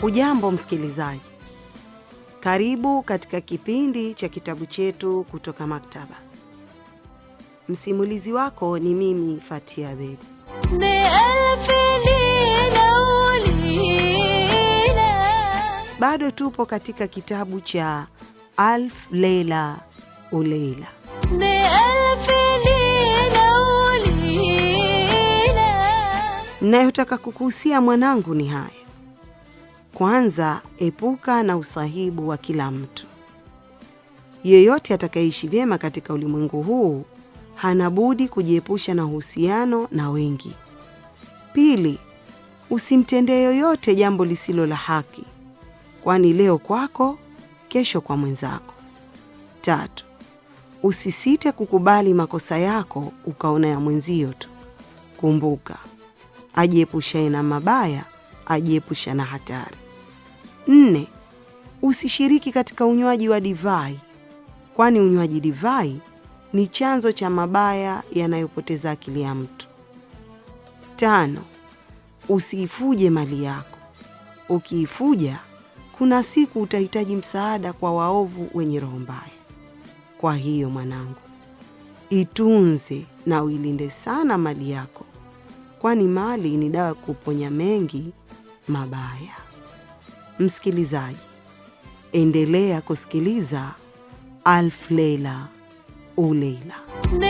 Hujambo msikilizaji, karibu katika kipindi cha kitabu chetu kutoka maktaba. Msimulizi wako ni mimi Fatia Bedi. Bado tupo katika kitabu cha alf leila uleila nayotaka kukuhusia mwanangu ni haya kwanza, epuka na usahibu wa kila mtu. Yeyote atakayeishi vyema katika ulimwengu huu hana budi kujiepusha na uhusiano na wengi. Pili, usimtendee yoyote jambo lisilo la haki, kwani leo kwako, kesho kwa mwenzako. Tatu, usisite kukubali makosa yako ukaona ya mwenzio tu. Kumbuka, ajiepushaye na mabaya ajiepusha na hatari. Nne, usishiriki katika unywaji wa divai, kwani unywaji divai ni chanzo cha mabaya yanayopoteza akili ya mtu. Tano, usiifuje mali yako. Ukiifuja, kuna siku utahitaji msaada kwa waovu wenye roho mbaya. Kwa hiyo mwanangu, itunze na uilinde sana mali yako, kwani mali ni dawa ya kuponya mengi mabaya. Msikilizaji, endelea kusikiliza alfleila uleila u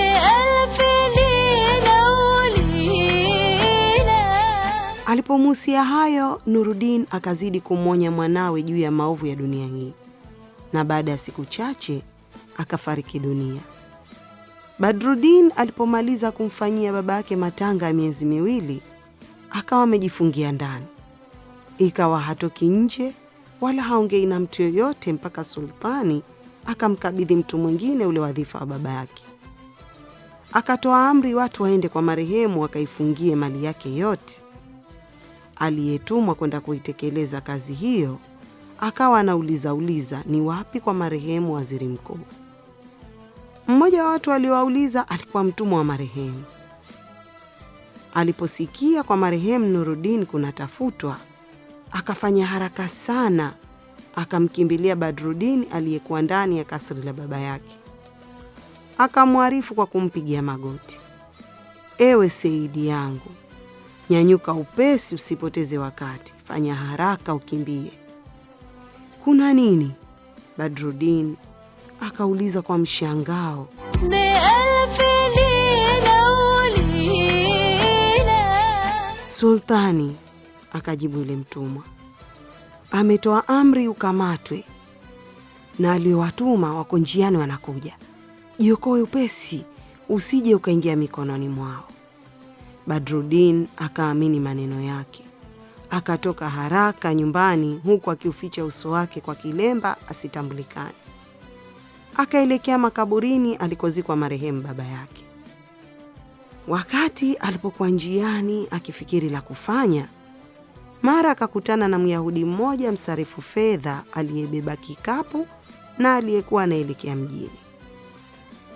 Alipomuhusia hayo, Nurudin akazidi kumwonya mwanawe juu ya maovu ya dunia hii, na baada ya siku chache akafariki dunia. Badrudin alipomaliza kumfanyia baba yake matanga ya miezi miwili, akawa amejifungia ndani ikawa hatoki nje wala haongei na mtu yoyote mpaka sultani akamkabidhi mtu mwingine ule wadhifa wa baba yake. Akatoa amri watu waende kwa marehemu wakaifungie mali yake yote. Aliyetumwa kwenda kuitekeleza kazi hiyo akawa anauliza uliza ni wapi kwa marehemu waziri mkuu. Mmoja wa watu aliowauliza alikuwa mtumwa wa marehemu. Aliposikia kwa marehemu Nurudin kunatafutwa akafanya haraka sana akamkimbilia Badrudini aliyekuwa ndani ya kasri la baba yake, akamwarifu kwa kumpigia magoti, ewe Seidi yangu, nyanyuka upesi, usipoteze wakati, fanya haraka ukimbie. Kuna nini? Badrudin akauliza kwa mshangao. Sultani, Akajibu yule mtumwa, ametoa amri ukamatwe, na aliowatuma wako njiani wanakuja. Jiokoe upesi, usije ukaingia mikononi mwao. Badrudin akaamini maneno yake, akatoka haraka nyumbani, huku akiuficha uso wake kwa kilemba asitambulikane. Akaelekea makaburini alikozikwa marehemu baba yake. Wakati alipokuwa njiani akifikiri la kufanya, mara akakutana na Myahudi mmoja msarifu fedha aliyebeba kikapu na aliyekuwa anaelekea mjini.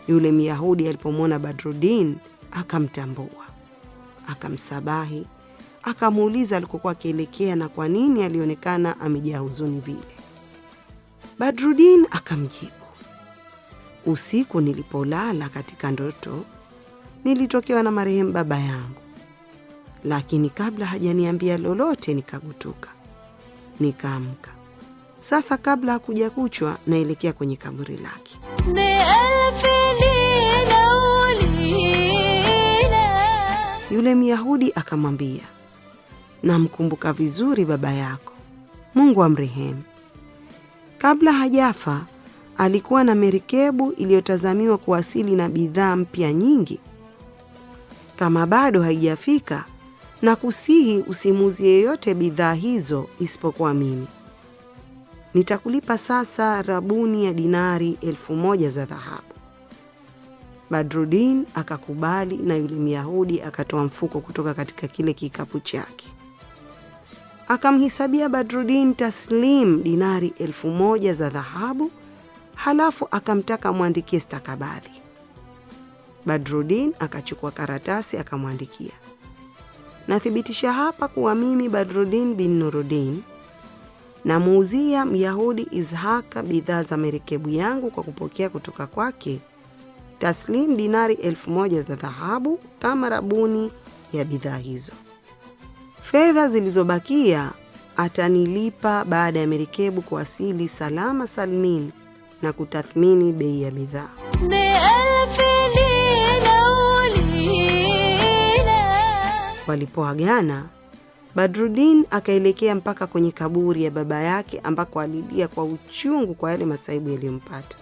Yule Myahudi alipomwona Badrudin akamtambua, akamsabahi, akamuuliza alikokuwa akielekea na kwa nini alionekana amejaa huzuni vile. Badrudin akamjibu, usiku nilipolala katika ndoto nilitokewa na marehemu baba yangu lakini kabla hajaniambia lolote nikagutuka, nikaamka. Sasa kabla hakuja kuchwa, naelekea kwenye kaburi lake. Yule Myahudi akamwambia, namkumbuka vizuri baba yako, Mungu amrehemu. Kabla hajafa alikuwa na merikebu iliyotazamiwa kuwasili na bidhaa mpya nyingi. Kama bado haijafika na kusihi usimuzi yeyote bidhaa hizo isipokuwa mimi. Nitakulipa sasa rabuni ya dinari elfu moja za dhahabu. Badrudin akakubali na yule Myahudi akatoa mfuko kutoka katika kile kikapu chake. Akamhisabia Badrudin taslim dinari elfu moja za dhahabu, halafu akamtaka mwandikie stakabadhi. Badrudin akachukua karatasi akamwandikia. Nathibitisha hapa kuwa mimi Badrudin bin Nuruddin namuuzia Myahudi Izhaka bidhaa za merekebu yangu kwa kupokea kutoka kwake taslim dinari elfu moja za dhahabu kama rabuni ya bidhaa hizo. Fedha zilizobakia atanilipa baada ya merekebu kuwasili salama salmin na kutathmini bei ya bidhaa. Walipoagana, badrudin akaelekea mpaka kwenye kaburi ya baba yake ambako alilia kwa uchungu kwa yale masaibu yaliyompata,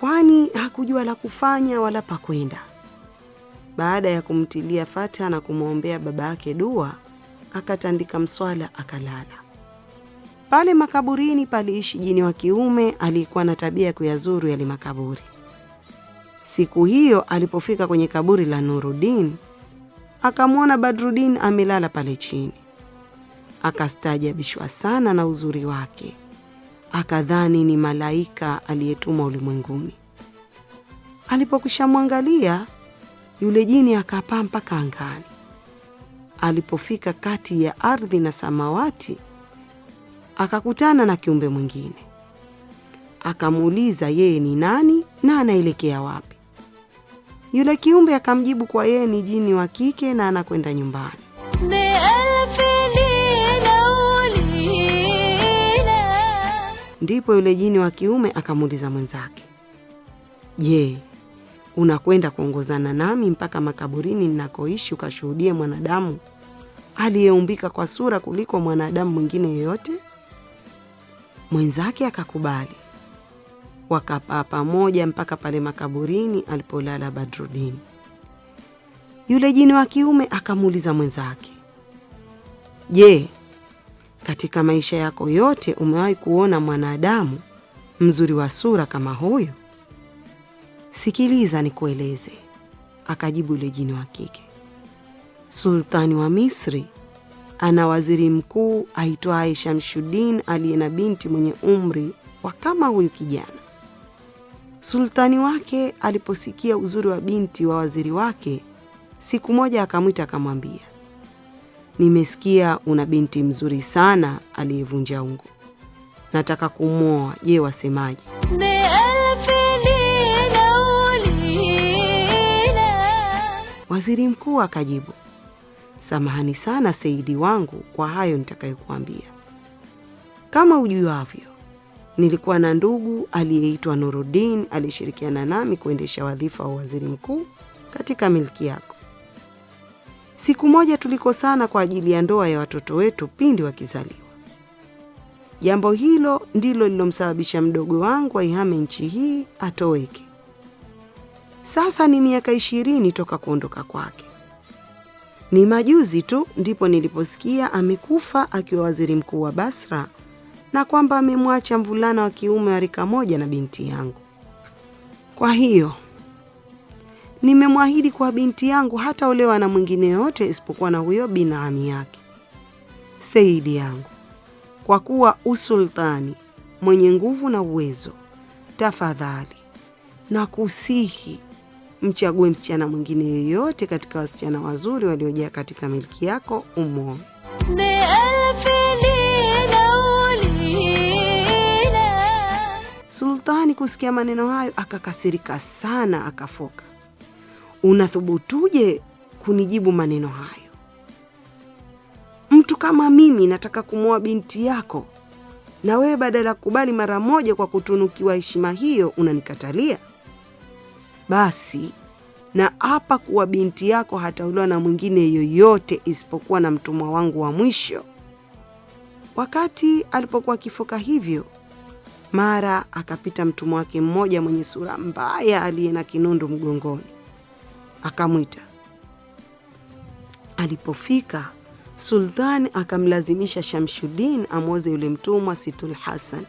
kwani hakujua la kufanya wala pa kwenda. Baada ya kumtilia fatha na kumwombea baba yake dua, akatandika mswala akalala. Pale makaburini paliishi jini wa kiume aliyekuwa na tabia ya kuyazuru yale makaburi. Siku hiyo alipofika kwenye kaburi la nurudin akamwona Badrudin amelala pale chini. Akastaajabishwa sana na uzuri wake, akadhani ni malaika aliyetumwa ulimwenguni. Alipokwisha mwangalia, yule jini akapaa mpaka angani. Alipofika kati ya ardhi na samawati, akakutana na kiumbe mwingine. Akamuuliza yeye ni nani na anaelekea wapi. Yule kiumbe akamjibu kwa yeye ni jini wa kike na anakwenda nyumbani. Ndipo yule jini wa kiume akamuuliza mwenzake, Je, unakwenda kuongozana nami mpaka makaburini ninakoishi ukashuhudie mwanadamu aliyeumbika kwa sura kuliko mwanadamu mwingine yoyote? Mwenzake akakubali wakapaa pamoja mpaka pale makaburini alipolala Badrudini. Yule jini wa kiume akamuuliza mwenzake, je, katika maisha yako yote umewahi kuona mwanadamu mzuri wa sura kama huyo? Sikiliza nikueleze, akajibu yule jini wa kike. Sultani wa Misri ana waziri mkuu aitwaye shamshudin aliye na binti mwenye umri wa kama huyu kijana. Sultani wake aliposikia uzuri wa binti wa waziri wake, siku moja akamwita akamwambia, nimesikia una binti mzuri sana aliyevunja ungo, nataka kumwoa. Je, wasemaje? Waziri mkuu akajibu, samahani sana Seidi wangu kwa hayo nitakayokuambia. Kama ujuavyo, Nilikuwa na ndugu aliyeitwa nurudin aliyeshirikiana nami kuendesha wadhifa wa waziri mkuu katika milki yako. Siku moja tulikosana kwa ajili ya ndoa ya watoto wetu pindi wakizaliwa. Jambo hilo ndilo lilomsababisha mdogo wangu aihame nchi hii atoweke. Sasa ni miaka ishirini toka kuondoka kwake. Ni majuzi tu ndipo niliposikia amekufa akiwa waziri mkuu wa Basra na kwamba amemwacha mvulana wa kiume wa rika moja na binti yangu. Kwa hiyo nimemwahidi kwa binti yangu hata olewa na mwingine yoyote isipokuwa na huyo binamu yake. Seidi yangu, kwa kuwa usultani mwenye nguvu na uwezo, tafadhali na kusihi mchague msichana mwingine yoyote katika wasichana wazuri waliojaa katika milki yako umoe. Shetani kusikia maneno hayo akakasirika sana, akafoka, unathubutuje kunijibu maneno hayo? Mtu kama mimi nataka kumwoa binti yako, na wewe badala ya kukubali mara moja kwa kutunukiwa heshima hiyo unanikatalia? Basi na hapa kuwa binti yako hataolewa na mwingine yoyote isipokuwa na mtumwa wangu wa mwisho. Wakati alipokuwa akifoka hivyo, mara akapita mtumwa wake mmoja mwenye sura mbaya aliye na kinundu mgongoni, akamwita. Alipofika, Sultani akamlazimisha shamshudin amwoze yule mtumwa Situl Hasan,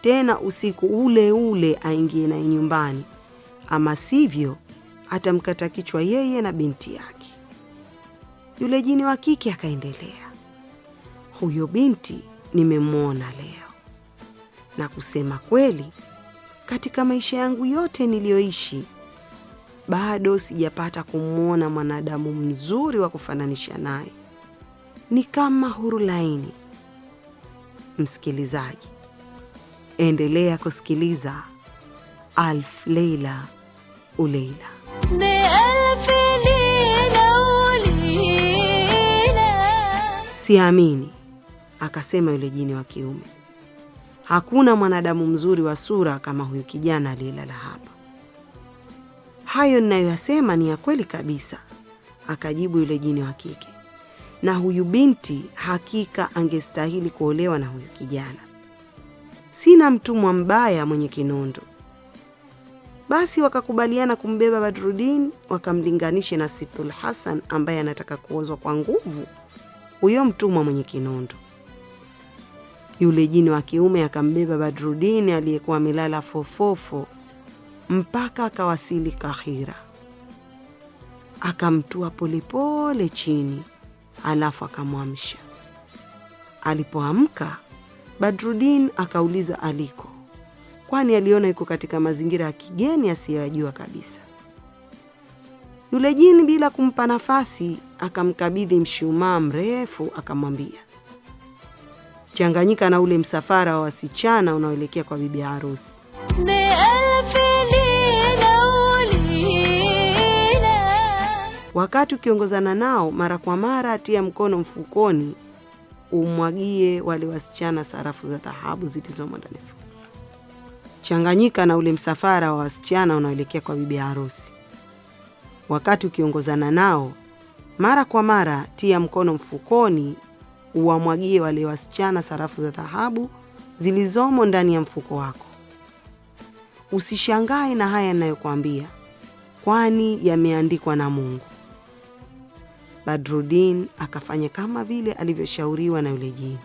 tena usiku ule ule aingie naye nyumbani, ama sivyo atamkata kichwa yeye na binti yake. Yule jini wa kike akaendelea, huyo binti nimemwona leo na kusema kweli, katika maisha yangu yote niliyoishi bado sijapata kumwona mwanadamu mzuri wa kufananisha naye. Ni kama Hurulaini. Msikilizaji, endelea kusikiliza alf Leila uleila Siamini, akasema yule jini wa kiume. Hakuna mwanadamu mzuri wa sura kama huyu kijana aliyelala hapa. Hayo ninayoyasema ni ya kweli kabisa, akajibu yule jini wa kike, na huyu binti hakika angestahili kuolewa na huyu kijana. Sina mtumwa mbaya mwenye kinondo. Basi wakakubaliana kumbeba Badrudin wakamlinganishe na Situl Hasan ambaye anataka kuozwa kwa nguvu, huyo mtumwa mwenye kinondo. Yule jini wa kiume akambeba Badrudin aliyekuwa amelala fofofo mpaka akawasili Kahira, akamtua polepole chini, alafu akamwamsha. Alipoamka, Badrudin akauliza aliko, kwani aliona yuko katika mazingira ya kigeni asiyoyajua kabisa. Yule jini bila kumpa nafasi akamkabidhi mshumaa mrefu, akamwambia changanyika na ule msafara wa wasichana unaoelekea kwa bibi harusi. Wakati ukiongozana nao mara kwa mara, atia mkono mfukoni, umwagie wale wasichana sarafu za dhahabu zilizomo ndani Changanyika na ule msafara wa wasichana unaoelekea kwa bibi harusi. Wakati ukiongozana nao mara kwa mara, tia mkono mfukoni, uwamwagie wale wasichana sarafu za dhahabu zilizomo ndani ya mfuko wako. Usishangae na haya ninayokuambia, kwani yameandikwa na Mungu. Badrudin akafanya kama vile alivyoshauriwa na yule jini.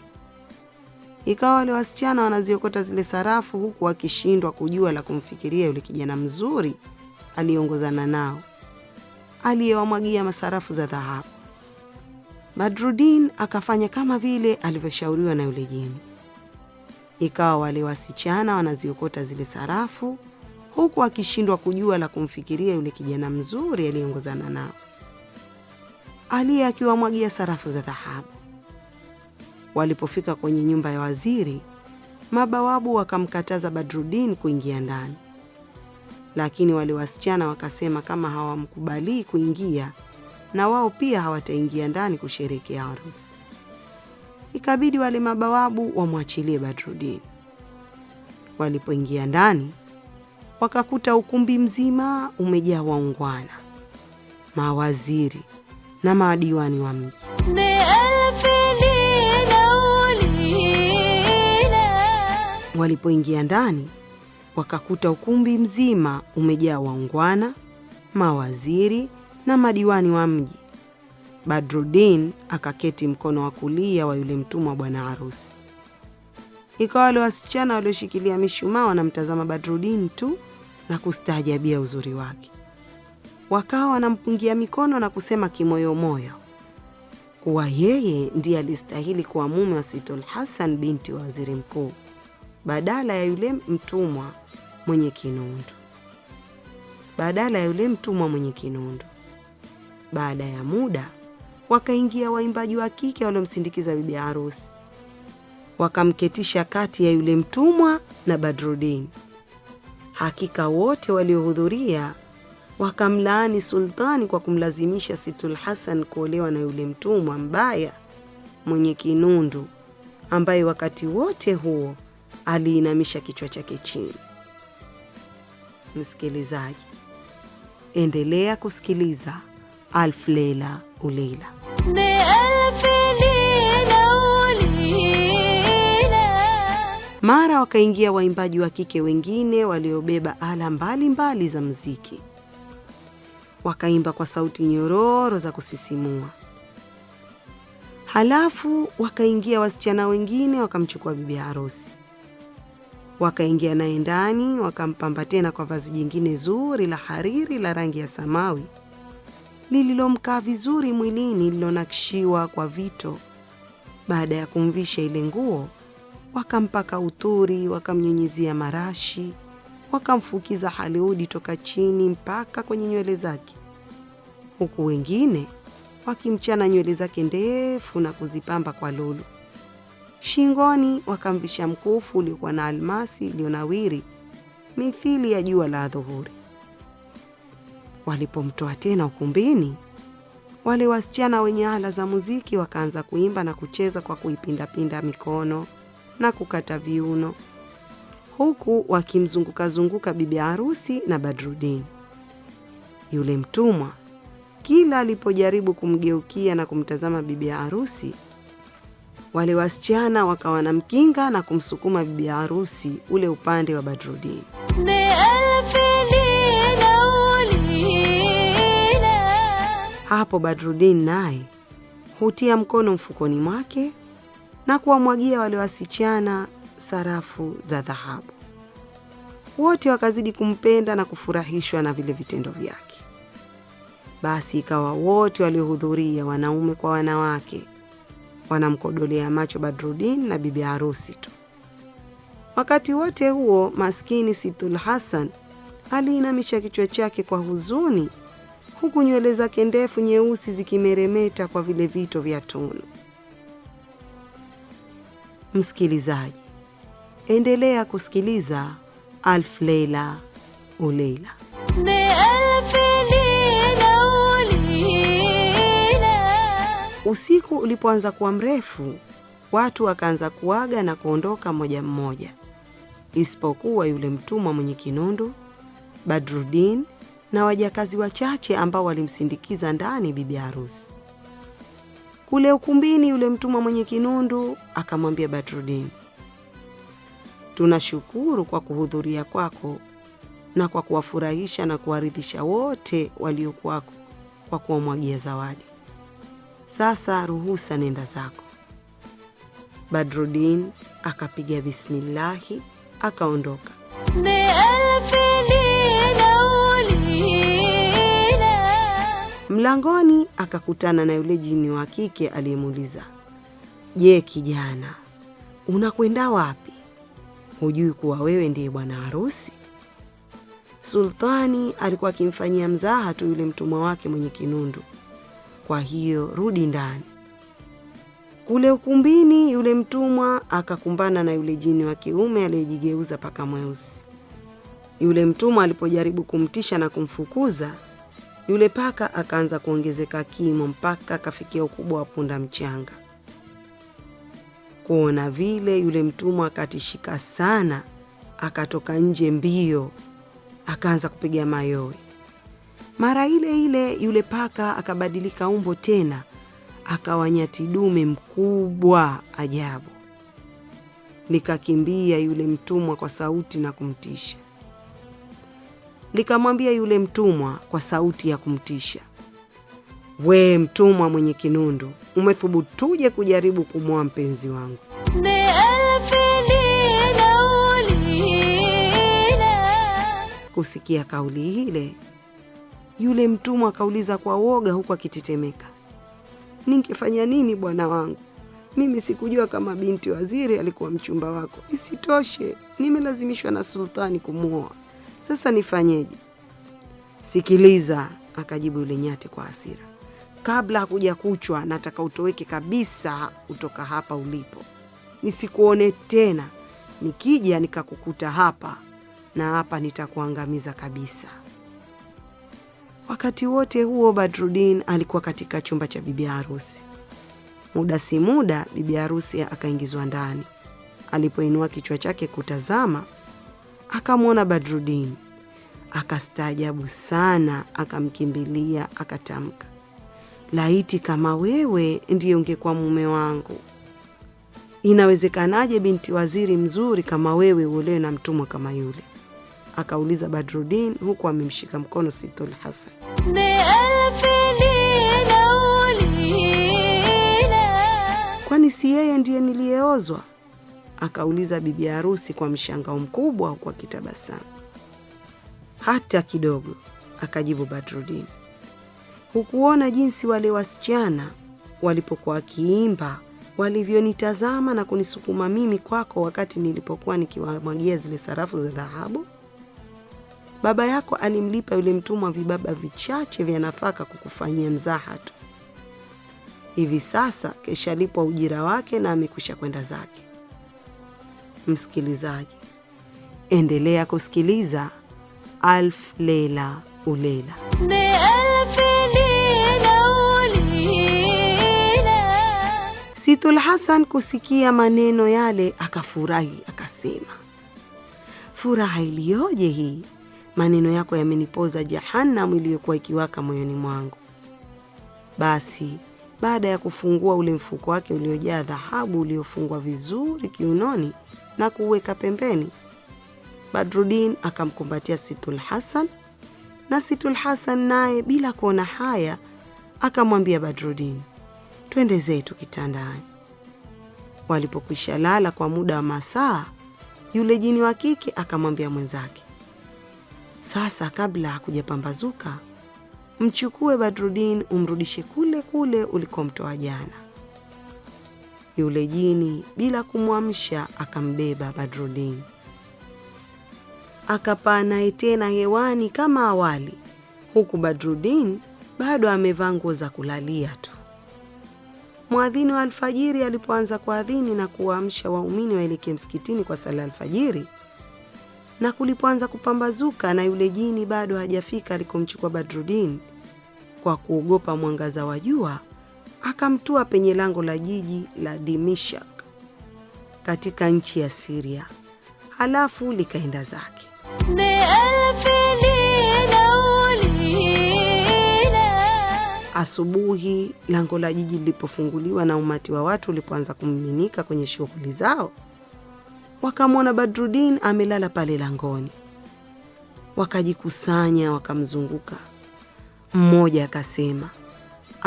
Ikawa wale wasichana wanaziokota zile sarafu, huku wakishindwa kujua la kumfikiria yule kijana mzuri aliyeongozana nao aliyewamwagia masarafu za dhahabu. Badrudin akafanya kama vile alivyoshauriwa na yule jini. Ikawa wale wasichana wanaziokota zile sarafu, huku akishindwa kujua la kumfikiria yule kijana mzuri aliyeongozana nao, aliye akiwamwagia sarafu za dhahabu. Walipofika kwenye nyumba ya waziri, mabawabu wakamkataza Badrudin kuingia ndani, lakini wale wasichana wakasema kama hawamkubalii kuingia na wao pia hawataingia ndani kusherekea harusi. Ikabidi wale mabawabu wamwachilie Badrudini. Walipoingia ndani, wakakuta ukumbi mzima umejaa waungwana, mawaziri na madiwani wa mji. Walipoingia ndani, wakakuta ukumbi mzima umejaa waungwana, mawaziri na madiwani wa mji. Badrudin akaketi mkono wa kulia wa yule mtumwa bwana harusi. Ikawa wale wasichana walioshikilia mishumaa wanamtazama Badrudin tu na kustaajabia uzuri wake, wakawa wanampungia mikono na kusema kimoyomoyo kuwa yeye ndiye alistahili kuwa mume wa sitol Hassan binti wa waziri mkuu badala ya yule mtumwa mwenye kinundu, badala ya yule mtumwa mwenye kinundu. Baada ya muda wakaingia waimbaji wa kike waliomsindikiza bibi harusi, wakamketisha kati ya yule mtumwa na Badrudin. Hakika wote waliohudhuria wakamlaani sultani kwa kumlazimisha Situl Hasan kuolewa na yule mtumwa mbaya mwenye kinundu, ambaye wakati wote huo aliinamisha kichwa chake chini. Msikilizaji, endelea kusikiliza. Alfu Lela u Mara wakaingia waimbaji wa kike wengine waliobeba ala mbalimbali mbali za mziki, wakaimba kwa sauti nyororo za kusisimua. Halafu wakaingia wasichana wengine, wakamchukua bibi harusi, wakaingia naye ndani, wakampamba tena kwa vazi jingine zuri la hariri la rangi ya samawi lililomkaa vizuri mwilini lilonakshiwa kwa vito. Baada ya kumvisha ile nguo, wakampaka uturi, wakamnyunyizia marashi, wakamfukiza haliudi toka chini mpaka kwenye nywele zake, huku wengine wakimchana nywele zake ndefu na kuzipamba kwa lulu. Shingoni wakamvisha mkufu uliokuwa na almasi iliyonawiri mithili ya jua la adhuhuri. Walipomtoa tena ukumbini, wale wasichana wenye ala za muziki wakaanza kuimba na kucheza kwa kuipindapinda mikono na kukata viuno, huku wakimzungukazunguka bibi harusi na Badrudin. Yule mtumwa kila alipojaribu kumgeukia na kumtazama bibi harusi, wale wasichana wakawa na mkinga na kumsukuma bibi harusi ule upande wa Badrudin. Hapo Badrudin naye hutia mkono mfukoni mwake na kuwamwagia wale wasichana sarafu za dhahabu. Wote wakazidi kumpenda na kufurahishwa na vile vitendo vyake. Basi ikawa wote waliohudhuria, wanaume kwa wanawake, wanamkodolea macho Badrudin na bibi harusi tu. Wakati wote huo, maskini Situl Hasan aliinamisha kichwa chake kwa huzuni huku nywele zake ndefu nyeusi zikimeremeta kwa vile vito vya tunu. Msikilizaji, endelea kusikiliza alf leila uleila Usiku ulipoanza kuwa mrefu, watu wakaanza kuaga na kuondoka moja mmoja, isipokuwa yule mtumwa mwenye kinundu Badrudin na wajakazi wachache ambao walimsindikiza ndani bibi harusi. Kule ukumbini, yule mtumwa mwenye kinundu akamwambia Badrudin, tunashukuru kwa kuhudhuria kwako na kwa kuwafurahisha na kuwaridhisha wote waliokuwako kwa kuwamwagia zawadi. Sasa ruhusa, nenda zako. Badrudin akapiga bismillahi akaondoka. Mlangoni akakutana na yule jini wa kike aliyemuuliza, Je, kijana, unakwenda wapi? Hujui kuwa wewe ndiye bwana harusi? Sultani alikuwa akimfanyia mzaha tu yule mtumwa wake mwenye kinundu, kwa hiyo rudi ndani. Kule ukumbini, yule mtumwa akakumbana na yule jini wa kiume aliyejigeuza paka mweusi. Yule mtumwa alipojaribu kumtisha na kumfukuza yule paka akaanza kuongezeka kimo mpaka akafikia ukubwa wa punda mchanga. Kuona vile, yule mtumwa akatishika sana, akatoka nje mbio, akaanza kupiga mayowe. Mara ile ile yule paka akabadilika umbo tena, akawa nyati dume mkubwa ajabu. Nikakimbia yule mtumwa kwa sauti na kumtisha likamwambia yule mtumwa kwa sauti ya kumtisha, we mtumwa mwenye kinundu, umethubutuje kujaribu kumwoa mpenzi wangu? Kusikia kauli ile, yule mtumwa akauliza kwa woga, huku akitetemeka, ningefanya nini bwana wangu? Mimi sikujua kama binti waziri alikuwa mchumba wako. Isitoshe, nimelazimishwa na sultani kumwoa. Sasa nifanyeje? Sikiliza, akajibu yule nyati kwa hasira, kabla hakuja kuchwa nataka utoweke kabisa kutoka hapa ulipo, nisikuone tena. Nikija nikakukuta hapa na hapa, nitakuangamiza kabisa. Wakati wote huo Badrudin alikuwa katika chumba cha bibi harusi. Muda si muda bibi harusi akaingizwa ndani. Alipoinua kichwa chake kutazama, akamwona Badrudini akastaajabu sana, akamkimbilia akatamka, laiti kama wewe ndiye ungekuwa mume wangu, inawezekanaje binti waziri mzuri kama wewe uolewe na mtumwa kama yule? Akauliza Badrudin huku amemshika mkono Sitol Hasan. Kwani si yeye ndiye niliyeozwa? akauliza bibi harusi kwa mshangao mkubwa kwa kitabasamu. Hata kidogo, akajibu Badrudin. Hukuona jinsi wale wasichana walipokuwa wakiimba walivyonitazama na kunisukuma mimi kwako wakati nilipokuwa nikiwamwagia zile sarafu za dhahabu? Baba yako alimlipa yule mtumwa vibaba vichache vya nafaka kukufanyia mzaha tu. Hivi sasa keshalipwa ujira wake na amekwisha kwenda zake msikilizaji, endelea kusikiliza alf Lela u Lela. Situl Hasan kusikia maneno yale akafurahi, akasema, furaha iliyoje hii! Maneno yako yamenipoza jahanamu iliyokuwa ikiwaka moyoni mwangu. Basi baada ya kufungua ule mfuko wake uliojaa dhahabu uliofungwa vizuri kiunoni na kuweka pembeni. Badrudin akamkumbatia Situl Hasan na Situl Hasan naye bila kuona haya akamwambia Badrudin, twende zetu kitandani. Walipokwisha lala kwa muda wa masaa, yule jini wa kike akamwambia mwenzake, sasa kabla hakujapambazuka, mchukue Badrudin umrudishe kule kule ulikomtoa jana. Yule jini bila kumwamsha akambeba Badrudin, akapaa naye tena hewani kama awali, huku Badrudin bado amevaa nguo za kulalia tu. Mwadhini wa alfajiri alipoanza kuadhini na kuwaamsha waumini waelekee msikitini kwa sala alfajiri, na kulipoanza kupambazuka na yule jini bado hajafika alikomchukua Badrudin, kwa kuogopa mwangaza wa jua akamtua penye lango la jiji la Dimishak katika nchi ya Siria, halafu likaenda zake. Asubuhi lango la jiji lilipofunguliwa na umati wa watu ulipoanza kumiminika kwenye shughuli zao, wakamwona Badrudin amelala pale langoni. Wakajikusanya wakamzunguka. Mmoja akasema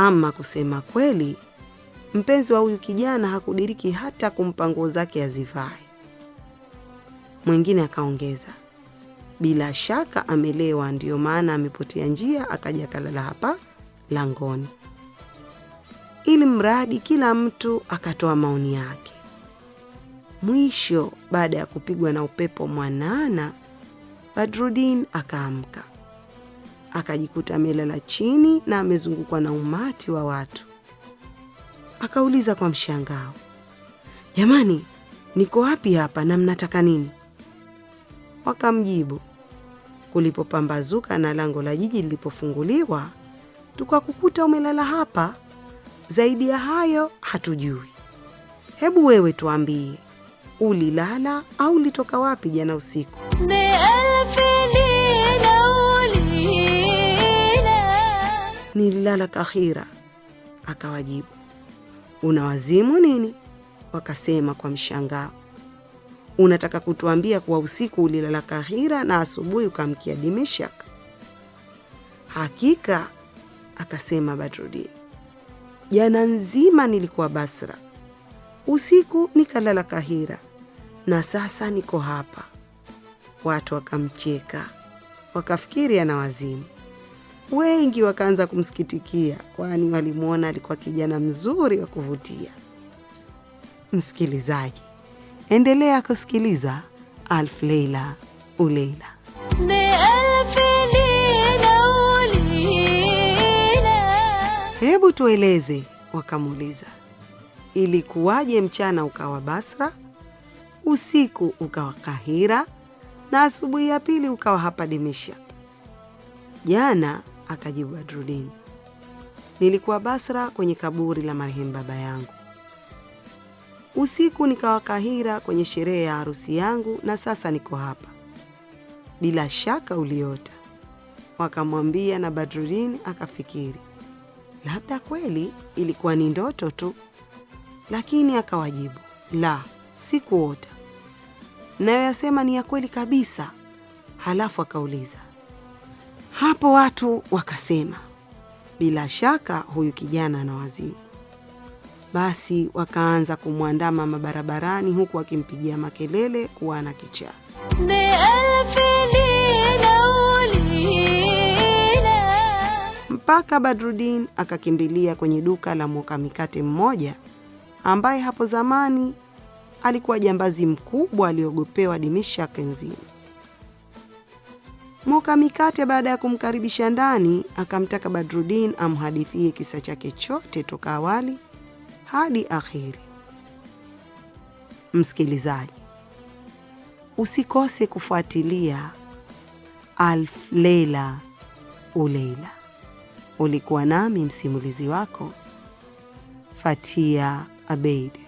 ama kusema kweli, mpenzi wa huyu kijana hakudiriki hata kumpa nguo zake azivae. Mwingine akaongeza, bila shaka amelewa, ndiyo maana amepotea njia akaja kalala hapa langoni. Ili mradi kila mtu akatoa maoni yake. Mwisho, baada ya kupigwa na upepo mwanana, Badrudin akaamka akajikuta amelala chini na amezungukwa na umati wa watu. Akauliza kwa mshangao, jamani, niko wapi hapa na mnataka nini? Wakamjibu, kulipopambazuka na lango la jiji lilipofunguliwa, tukakukuta umelala hapa. Zaidi ya hayo hatujui. Hebu wewe tuambie, ulilala au ulitoka wapi jana usiku? nililala Kahira. Akawajibu, una wazimu nini? Wakasema kwa mshangao, unataka kutuambia kuwa usiku ulilala Kahira na asubuhi ukamkia Dimeshak? Hakika, akasema Badrudin, jana nzima nilikuwa Basra, usiku nikalala Kahira na sasa niko hapa. Watu wakamcheka wakafikiri ana wazimu. Wengi wakaanza kumsikitikia, kwani walimwona alikuwa kijana mzuri wa kuvutia. Msikilizaji, endelea kusikiliza Alfu Leila uleila Hebu tueleze, wakamuuliza, ilikuwaje mchana ukawa Basra, usiku ukawa Kahira na asubuhi ya pili ukawa hapa dimisha Jana Akajibu Badrudini, nilikuwa Basra kwenye kaburi la marehemu baba yangu. Usiku nikawa Kahira kwenye sherehe ya harusi yangu, na sasa niko hapa. Bila shaka uliota. Wakamwambia, na Badrudini akafikiri labda kweli ilikuwa ni ndoto tu, lakini akawajibu, la, sikuota. Nayo yasema ni ya kweli kabisa. Halafu akauliza hapo watu wakasema, bila shaka huyu kijana ana wazimu. Basi wakaanza kumwandama mabarabarani, huku wakimpigia makelele kuwa ana kichaa. Mpaka Badrudin akakimbilia kwenye duka la mwoka mikate mmoja ambaye hapo zamani alikuwa jambazi mkubwa aliogopewa Dimishaki nzima. Moka Mikate baada ya kumkaribisha ndani akamtaka Badrudin amhadithie kisa chake chote toka awali hadi akhiri. Msikilizaji, usikose kufuatilia Alf Leila Uleila. Ulikuwa nami msimulizi wako Fatia Abeid.